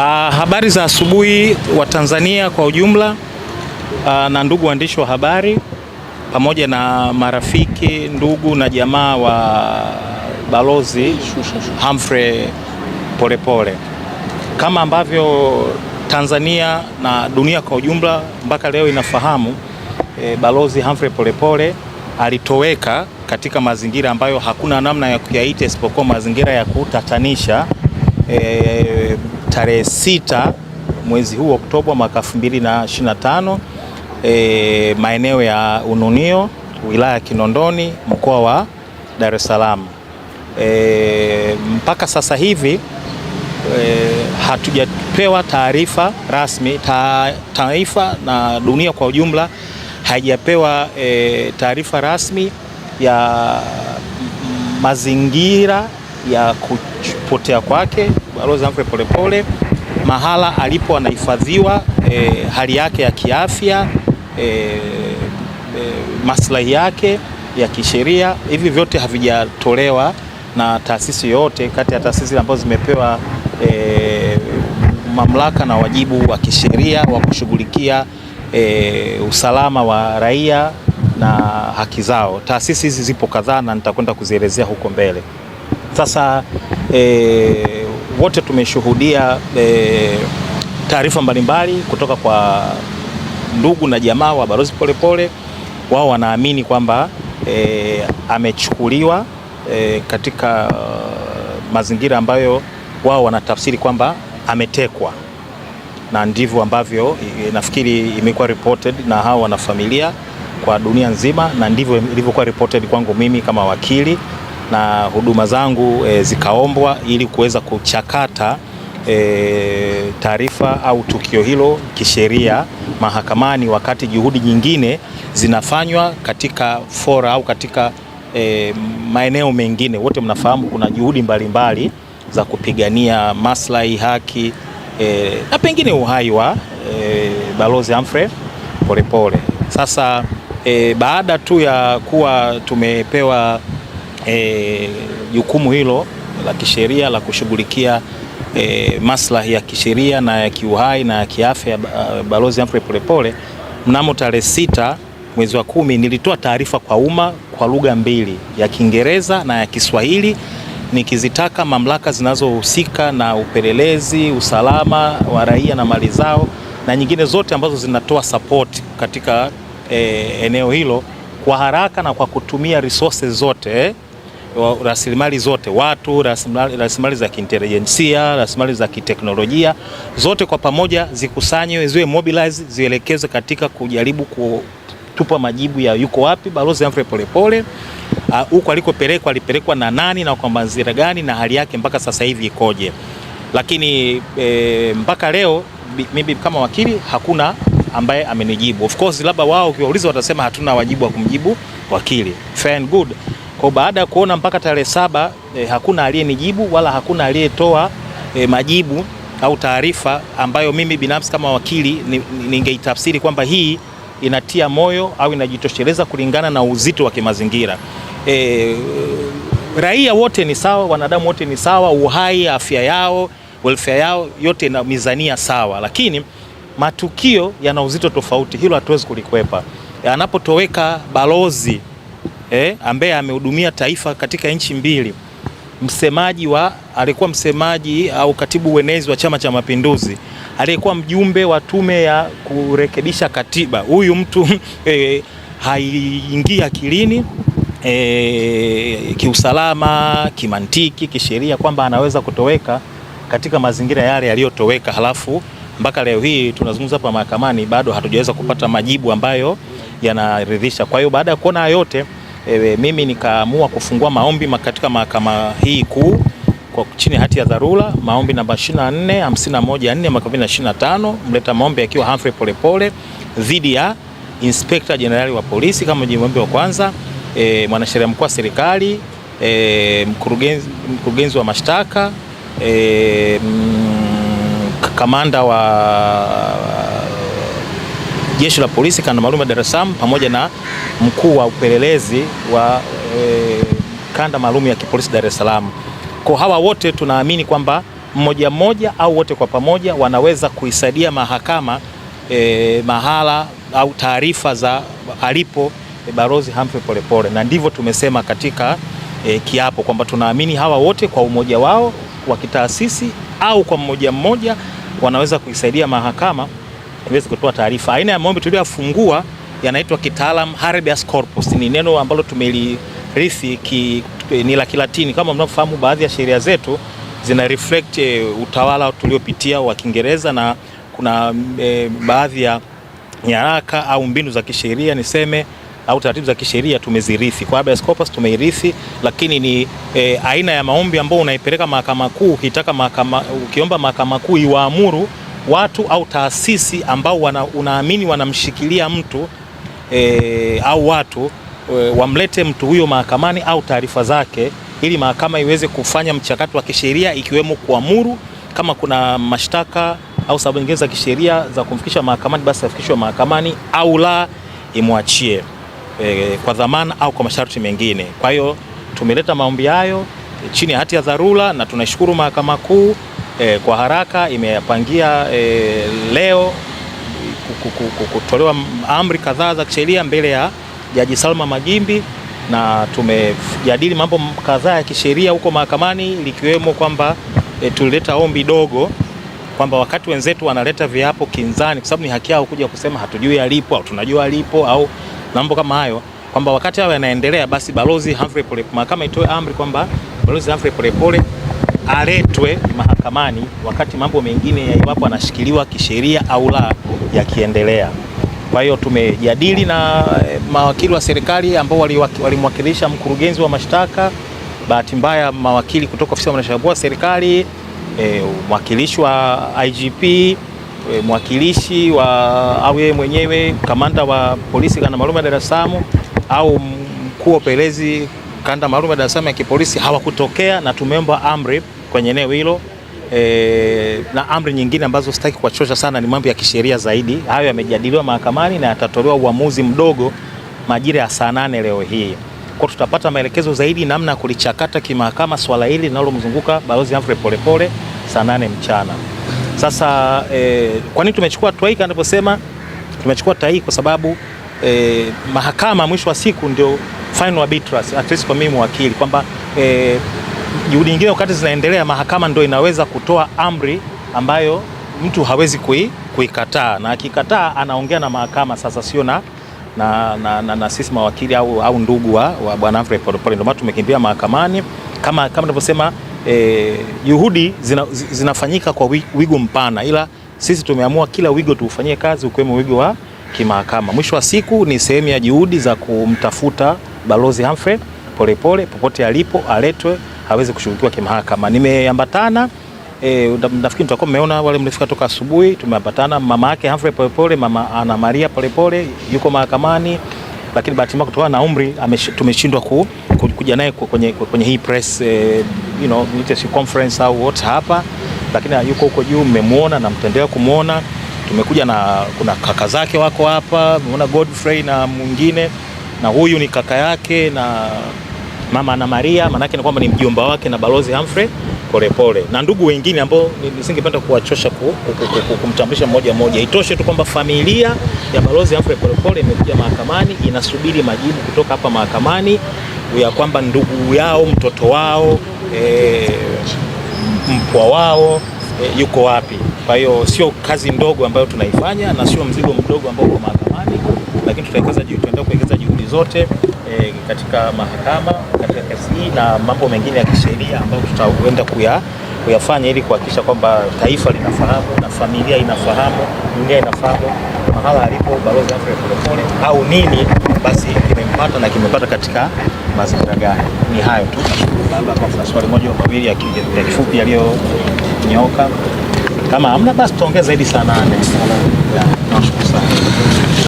Uh, habari za asubuhi wa Tanzania kwa ujumla, uh, na ndugu waandishi wa habari pamoja na marafiki, ndugu na jamaa wa Balozi Humphrey Polepole. Kama ambavyo Tanzania na dunia kwa ujumla mpaka leo inafahamu e, Balozi Humphrey Polepole alitoweka katika mazingira ambayo hakuna namna ya kuyaita isipokuwa mazingira ya kutatanisha e, tarehe sita mwezi huu Oktoba mwaka 2025 e, maeneo ya Ununio wilaya ya Kinondoni mkoa wa Dar es Salaam. E, mpaka sasa hivi e, hatujapewa taarifa rasmi ta, taifa na dunia kwa ujumla haijapewa e, taarifa rasmi ya mazingira ya kupotea kwake Rose Humphrey Polepole mahala alipo anahifadhiwa, e, hali yake ya kiafya e, e, maslahi yake ya kisheria, hivi vyote havijatolewa na taasisi yoyote kati ya taasisi ambazo zimepewa e, mamlaka na wajibu wa kisheria wa kushughulikia e, usalama wa raia na haki zao. Taasisi hizi zipo kadhaa na nitakwenda kuzielezea huko mbele. Sasa e, wote tumeshuhudia e, taarifa mbalimbali kutoka kwa ndugu na jamaa wa Balozi Polepole. Wao wanaamini kwamba e, amechukuliwa e, katika uh, mazingira ambayo wao wanatafsiri kwamba ametekwa, na ndivyo ambavyo nafikiri imekuwa reported na hao wanafamilia kwa dunia nzima, na ndivyo ilivyokuwa reported kwangu mimi kama wakili na huduma zangu e, zikaombwa ili kuweza kuchakata e, taarifa au tukio hilo kisheria mahakamani, wakati juhudi nyingine zinafanywa katika fora au katika e, maeneo mengine. Wote mnafahamu kuna juhudi mbalimbali mbali za kupigania maslahi, haki e, na pengine uhai wa e, Balozi Humphrey Polepole. Sasa e, baada tu ya kuwa tumepewa E, jukumu e, hilo la kisheria la kushughulikia e, maslahi ya kisheria na ya kiuhai na ya kiafya ya Balozi Humphrey Polepole mnamo tarehe sita mwezi wa kumi nilitoa taarifa kwa umma kwa lugha mbili ya Kiingereza na ya Kiswahili nikizitaka mamlaka zinazohusika na upelelezi, usalama wa raia na mali zao na nyingine zote ambazo zinatoa support katika e, eneo hilo kwa haraka na kwa kutumia resources zote rasilimali zote, watu, rasilimali za kiintelijensia, rasilimali za kiteknolojia, zote kwa pamoja zikusanywe, ziwe mobilize, zielekezwe katika kujaribu kutupa majibu ya yuko wapi Balozi Humphrey Polepole ah, huko uh, alikopelekwa, alipelekwa na nani na kwa mazingira gani na hali yake mpaka sasa hivi ikoje. Lakini e, mpaka leo mimi kama wakili hakuna ambaye amenijibu. Of course labda wao ukiwauliza watasema hatuna wajibu wa kumjibu wakili. Fair and good. Kwa baada ya kuona mpaka tarehe saba e, hakuna aliyenijibu wala hakuna aliyetoa e, majibu au taarifa ambayo mimi binafsi kama wakili ningeitafsiri ni, ni kwamba hii inatia moyo au inajitosheleza kulingana na uzito wa kimazingira. E, raia wote ni sawa, wanadamu wote ni sawa, uhai, afya yao, welfare yao yote na mizania sawa, lakini matukio yana uzito tofauti. Hilo hatuwezi kulikwepa. Anapotoweka balozi eh, ambaye amehudumia taifa katika nchi mbili, msemaji wa alikuwa msemaji au katibu wenezi wa Chama cha Mapinduzi, aliyekuwa mjumbe wa tume ya kurekebisha katiba. Huyu mtu eh, haiingii akilini eh, kiusalama, kimantiki, kisheria kwamba anaweza kutoweka katika mazingira yale yaliyotoweka, halafu mpaka leo hii tunazungumza hapa mahakamani bado hatujaweza kupata majibu ambayo yanaridhisha. Kwa hiyo baada ya kuona yote e, mimi nikaamua kufungua maombi katika mahakama hii kuu kwa chini hati ya dharura maombi namba 24 514 2025, mleta maombi akiwa Humphrey Polepole dhidi ya Inspekta Jenerali wa polisi kama mjumbe wa kwanza, e, mwanasheria mkuu wa serikali e, mkurugenzi, mkurugenzi wa mashtaka e, kamanda wa jeshi la polisi kanda maalum ya Dar es Salaam pamoja na mkuu wa upelelezi wa e, kanda maalum ya kipolisi Dar es Salaam. Kwa hawa wote tunaamini kwamba mmoja mmoja au wote kwa pamoja wanaweza kuisaidia mahakama e, mahala au taarifa za alipo e, Balozi Humphrey Polepole, na ndivyo tumesema katika e, kiapo kwamba tunaamini hawa wote kwa umoja wao wa kitaasisi au kwa mmoja mmoja wanaweza kuisaidia mahakama tuweze kutoa taarifa. Aina ya maombi tuliyofungua yanaitwa kitaalam habeas corpus, ni neno ambalo tumelirithi ki, ni la Kilatini. Kama mnavyofahamu, baadhi ya sheria zetu zina reflect eh, utawala tuliopitia wa Kiingereza na kuna e, baadhi ya nyaraka au mbinu za kisheria niseme au taratibu za kisheria tumezirithi. Kwa habeas corpus tumeirithi, lakini ni e, aina ya maombi ambayo unaipeleka mahakama kuu, ukitaka mahakama, ukiomba mahakama kuu iwaamuru watu au taasisi ambao wana, unaamini wanamshikilia mtu e, au watu e, wamlete mtu huyo mahakamani au taarifa zake ili mahakama iweze kufanya mchakato wa kisheria ikiwemo kuamuru kama kuna mashtaka au sababu nyingine za kisheria za kumfikisha mahakamani basi afikishwe mahakamani au la imwachie e, kwa dhamana au kwa masharti mengine. Kwa hiyo tumeleta maombi hayo chini ya hati ya dharura na tunashukuru Mahakama Kuu e, kwa haraka imeyapangia e, leo kutolewa amri kadhaa za kisheria mbele ya Jaji Salma Magimbi na tumejadili mambo kadhaa ya kisheria huko mahakamani likiwemo kwamba e, tulileta ombi dogo kwamba wakati wenzetu wanaleta viapo kinzani, kwa sababu ni haki yao kuja kusema hatujui alipo au tunajua alipo au mambo kama hayo, kwamba wakati hao yanaendelea, basi balozi Humphrey Polepole, mahakama itoe amri kwamba balozi Humphrey Polepole aletwe mahakamani wakati mambo mengine ya iwapo anashikiliwa kisheria au la yakiendelea. Kwa hiyo tumejadili na eh, mawakili wa serikali ambao walimwakilisha mkurugenzi wa mashtaka. Bahati mbaya mawakili kutoka ofisi ya mwanasheria wa serikali e, mwakilishi wa IGP e, eh, mwakilishi wa au yeye mwenyewe kamanda wa polisi kanda maalum ya Dar es Salaam au mkuu wa upelelezi kanda maalum ya Dar es Salaam ya kipolisi hawakutokea na tumeomba amri kwenye eneo hilo e, na amri nyingine ambazo sitaki kuwachosha sana, ni mambo ya kisheria zaidi. Hayo yamejadiliwa mahakamani na yatatolewa uamuzi mdogo majira ya saa nane leo hii. Kwa tutapata maelekezo zaidi namna ya kulichakata kimahakama swala hili linalomzunguka Balozi Humphrey Polepole saa nane mchana. Sasa e, kwa nini tumechukua hatua hii? Kama tumechukua hatua hii kwa sababu e, mahakama mwisho wa siku ndio final arbiters, at least kwa mimi mwakili kwamba e, juhudi nyingine wakati zinaendelea, mahakama ndio inaweza kutoa amri ambayo mtu hawezi kui, kuikataa na akikataa anaongea na mahakama sasa, sio na, na, na, na, na sisi mawakili au, au ndugu wa, wa bwana Humphrey Polepole. Ndio maana tumekimbia mahakamani kama kama ninavyosema, eh, juhudi zina, zinafanyika kwa wigo mpana, ila sisi tumeamua kila wigo tuufanyie kazi, ukiwemo wigo wa kimahakama. Mwisho wa siku ni sehemu ya juhudi za kumtafuta Balozi Humphrey Polepole popote alipo aletwe aweze kushughulikiwa kimahakama. Nimeambatana E, nafikiri tutakuwa mmeona wale mlifika toka asubuhi, tumeambatana mama yake Humphrey Polepole, mama Ana Maria Polepole yuko mahakamani, lakini bahati mbaya kutokana na umri tumeshindwa ku, ku, kuja naye kwenye, kwenye hii press e, you know, conference au what hapa, lakini yuko huko juu, mmemwona na mtendea kumwona. Tumekuja na kuna kaka zake wako hapa, mmeona Godfrey na mwingine, na huyu ni kaka yake na mama Ana Maria, maanake ni kwamba ni mjomba wake na balozi Humphrey Polepole na ndugu wengine ambao nisingependa kuwachosha kumtambulisha mmoja mmoja. Itoshe tu kwamba familia ya balozi Humphrey Polepole imekuja mahakamani, inasubiri majibu kutoka hapa mahakamani ya kwamba ndugu yao, mtoto wao, e, mpwa wao e, yuko wapi. Kwa hiyo sio kazi ndogo ambayo tunaifanya na sio mzigo mdogo ambao uko mahakamani, lakini tutaendelea kuwekeza juhudi zote e, katika mahakama katika kesi hii na mambo mengine ya kisheria ambayo tutaenda kuya kuyafanya ili kuhakikisha kwamba taifa linafahamu na familia inafahamu, dunia inafahamu mahala alipo balozi Humphrey Polepole au nini basi kimempata na kimepata katika mazingira gani. Ni hayo tu, labda kwa swali moja mawili ya kifupi yaliyonyoka Kama hamna basi tuongee zaidi sana. nane. Nashukuru sana.